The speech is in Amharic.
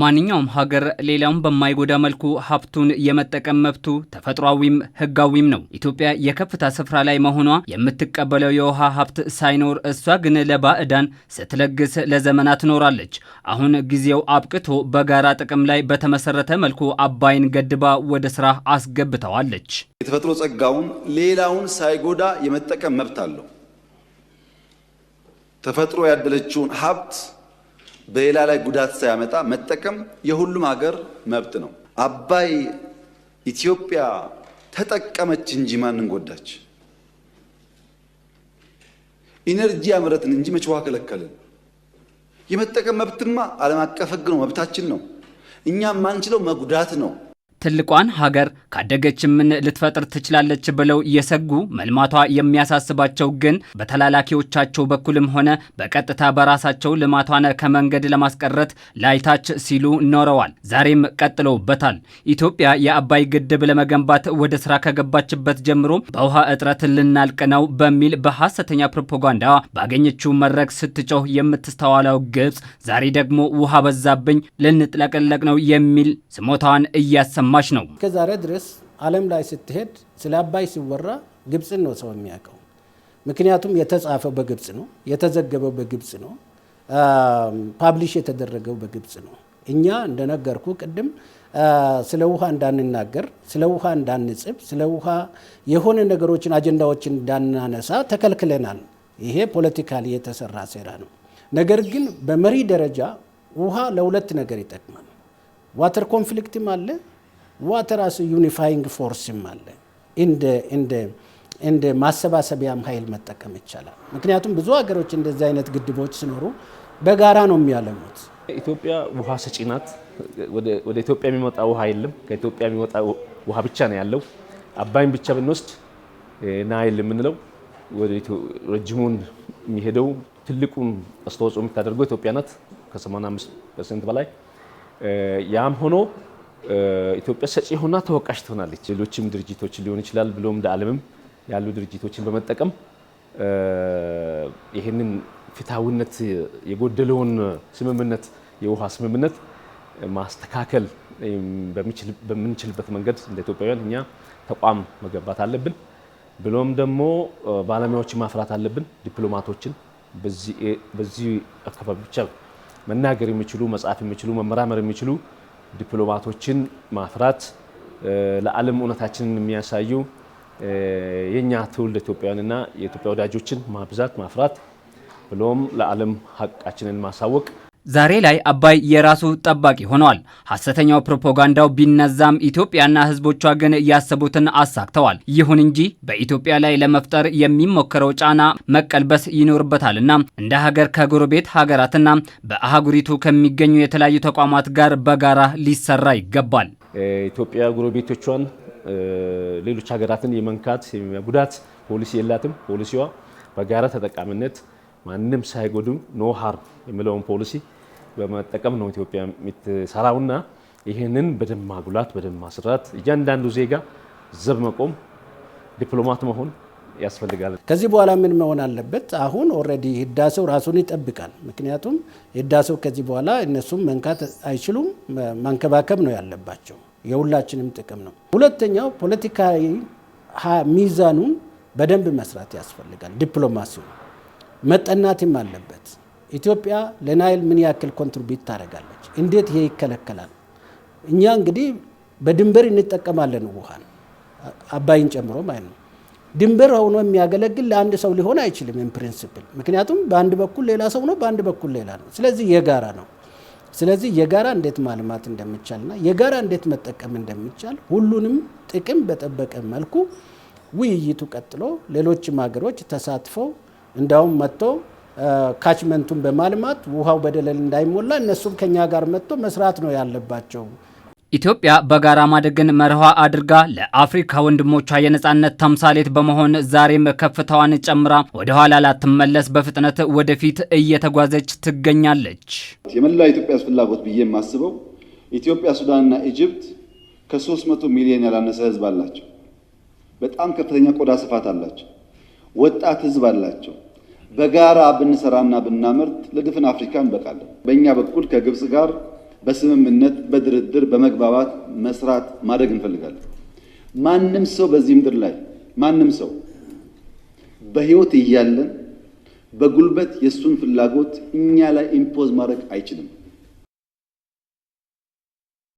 ማንኛውም ሀገር ሌላውን በማይጎዳ መልኩ ሀብቱን የመጠቀም መብቱ ተፈጥሯዊም ህጋዊም ነው። ኢትዮጵያ የከፍታ ስፍራ ላይ መሆኗ የምትቀበለው የውሃ ሀብት ሳይኖር እሷ ግን ለባዕዳን ስትለግስ ለዘመናት ኖራለች። አሁን ጊዜው አብቅቶ በጋራ ጥቅም ላይ በተመሰረተ መልኩ አባይን ገድባ ወደ ስራ አስገብተዋለች። የተፈጥሮ ጸጋውን ሌላውን ሳይጎዳ የመጠቀም መብት አለው። ተፈጥሮ ያደለችውን ሀብት በሌላ ላይ ጉዳት ሳያመጣ መጠቀም የሁሉም ሀገር መብት ነው። አባይ ኢትዮጵያ ተጠቀመች እንጂ ማንን ጎዳች? ኢነርጂ ያምረትን እንጂ መች ውሃ ከለከልን? የመጠቀም መብትማ ዓለም አቀፍ ሕግ ነው፣ መብታችን ነው። እኛ የማንችለው መጉዳት ነው። ትልቋን ሀገር ካደገች ምን ልትፈጥር ትችላለች ብለው እየሰጉ መልማቷ የሚያሳስባቸው ግን በተላላኪዎቻቸው በኩልም ሆነ በቀጥታ በራሳቸው ልማቷን ከመንገድ ለማስቀረት ላይታች ሲሉ ኖረዋል። ዛሬም ቀጥለውበታል። ኢትዮጵያ የአባይ ግድብ ለመገንባት ወደ ስራ ከገባችበት ጀምሮ በውሃ እጥረት ልናልቅ ነው በሚል በሐሰተኛ ፕሮፓጋንዳ ባገኘችው መድረክ ስትጮህ የምትስተዋለው ግብፅ ዛሬ ደግሞ ውሃ በዛብኝ ልንጥለቅለቅ ነው የሚል ስሞታዋን እያሰማ ግማሽ ነው። እስከዛሬ ድረስ ዓለም ላይ ስትሄድ ስለ አባይ ሲወራ ግብፅን ነው ሰው የሚያውቀው። ምክንያቱም የተጻፈው በግብፅ ነው፣ የተዘገበው በግብፅ ነው፣ ፓብሊሽ የተደረገው በግብፅ ነው። እኛ እንደነገርኩ ቅድም ስለ ውሃ እንዳንናገር፣ ስለ ውሃ እንዳንጽፍ፣ ስለ ውሃ የሆነ ነገሮችን አጀንዳዎችን እንዳናነሳ ተከልክለናል። ይሄ ፖለቲካሊ የተሰራ ሴራ ነው። ነገር ግን በመሪ ደረጃ ውሃ ለሁለት ነገር ይጠቅማል። ዋተር ኮንፍሊክትም አለ ዋት ራሱ ዩኒፋይንግ ፎርስም አለ እንደ ማሰባሰቢያም ኃይል መጠቀም ይቻላል። ምክንያቱም ብዙ ሀገሮች እንደዚህ አይነት ግድቦች ሲኖሩ በጋራ ነው የሚያለሙት። ኢትዮጵያ ውሃ ሰጪ ናት። ወደ ኢትዮጵያ የሚመጣ ውሃ የለም፣ ከኢትዮጵያ የሚወጣ ውሃ ብቻ ነው ያለው። አባይን ብቻ ብንወስድ ናይል የምንለው ረጅሙን የሚሄደው ትልቁን አስተዋጽኦ የምታደርገው ኢትዮጵያ ናት ከ85 ፐርሰንት በላይ ያም ሆኖ ኢትዮጵያ ሰጪ ሆና ተወቃሽ ትሆናለች። ሌሎችም ድርጅቶች ሊሆን ይችላል ብሎም ለዓለምም ያሉ ድርጅቶችን በመጠቀም ይህንን ፍትሐዊነት የጎደለውን ስምምነት የውሃ ስምምነት ማስተካከል በምንችልበት መንገድ እንደ ኢትዮጵያውያን እኛ ተቋም መገንባት አለብን። ብሎም ደግሞ ባለሙያዎችን ማፍራት አለብን። ዲፕሎማቶችን በዚህ አካባቢ ብቻ መናገር የሚችሉ መጻፍ የሚችሉ መመራመር የሚችሉ ዲፕሎማቶችን ማፍራት ለዓለም እውነታችንን የሚያሳዩ የእኛ ትውልድ ኢትዮጵያውያንና የኢትዮጵያ ወዳጆችን ማብዛት ማፍራት ብሎም ለዓለም ሀቃችንን ማሳወቅ ዛሬ ላይ አባይ የራሱ ጠባቂ ሆነዋል። ሐሰተኛው ፕሮፓጋንዳው ቢነዛም ኢትዮጵያና ሕዝቦቿ ግን ያሰቡትን አሳክተዋል። ይሁን እንጂ በኢትዮጵያ ላይ ለመፍጠር የሚሞከረው ጫና መቀልበስ ይኖርበታልና እንደ ሀገር ከጎረቤት ሀገራትና በአህጉሪቱ ከሚገኙ የተለያዩ ተቋማት ጋር በጋራ ሊሰራ ይገባል። ኢትዮጵያ ጎረቤቶቿን፣ ሌሎች ሀገራትን የመንካት ጉዳት ፖሊሲ የላትም። ፖሊሲዋ በጋራ ተጠቃሚነት ማንም ሳይጎድም ኖ ሃርም የሚለውን ፖሊሲ በመጠቀም ነው ኢትዮጵያ የምትሰራውና ይህንን በደንብ ማጉላት፣ በደንብ ማስራት፣ እያንዳንዱ ዜጋ ዘብ መቆም፣ ዲፕሎማት መሆን ያስፈልጋል። ከዚህ በኋላ ምን መሆን አለበት? አሁን ኦልሬዲ ህዳሴው ራሱን ይጠብቃል። ምክንያቱም ህዳሴው ከዚህ በኋላ እነሱም መንካት አይችሉም። ማንከባከብ ነው ያለባቸው። የሁላችንም ጥቅም ነው። ሁለተኛው ፖለቲካዊ ሚዛኑን በደንብ መስራት ያስፈልጋል። ዲፕሎማሲው መጠናትም አለበት። ኢትዮጵያ ለናይል ምን ያክል ኮንትሪቢዩት ታደርጋለች? እንዴት ይሄ ይከለከላል? እኛ እንግዲህ በድንበር እንጠቀማለን ውሃን አባይን ጨምሮ ማለት ነው። ድንበር ሆኖ የሚያገለግል ለአንድ ሰው ሊሆን አይችልም ኢምፕሪንስፕል። ምክንያቱም በአንድ በኩል ሌላ ሰው ነው፣ በአንድ በኩል ሌላ ነው። ስለዚህ የጋራ ነው። ስለዚህ የጋራ እንዴት ማልማት እንደሚቻልና የጋራ እንዴት መጠቀም እንደሚቻል ሁሉንም ጥቅም በጠበቀ መልኩ ውይይቱ ቀጥሎ ሌሎችም ሀገሮች ተሳትፈው እንዳውም መጥተው ካችመንቱን በማልማት ውሃው በደለል እንዳይሞላ እነሱም ከኛ ጋር መጥቶ መስራት ነው ያለባቸው። ኢትዮጵያ በጋራ ማደግን መርሃ አድርጋ ለአፍሪካ ወንድሞቿ የነጻነት ተምሳሌት በመሆን ዛሬም ከፍታዋን ጨምራ ወደ ኋላ ላትመለስ በፍጥነት ወደፊት እየተጓዘች ትገኛለች። የመላው ኢትዮጵያ ፍላጎት ብዬ የማስበው ኢትዮጵያ፣ ሱዳንና ኢጅፕት ከ300 ሚሊዮን ያላነሰ ህዝብ አላቸው። በጣም ከፍተኛ ቆዳ ስፋት አላቸው። ወጣት ህዝብ አላቸው። በጋራ ብንሰራና ብናመርት ለድፍን አፍሪካ እንበቃለን። በእኛ በኩል ከግብፅ ጋር በስምምነት በድርድር በመግባባት መስራት ማድረግ እንፈልጋለን። ማንም ሰው በዚህ ምድር ላይ ማንም ሰው በህይወት እያለን በጉልበት የእሱን ፍላጎት እኛ ላይ ኢምፖዝ ማድረግ አይችልም።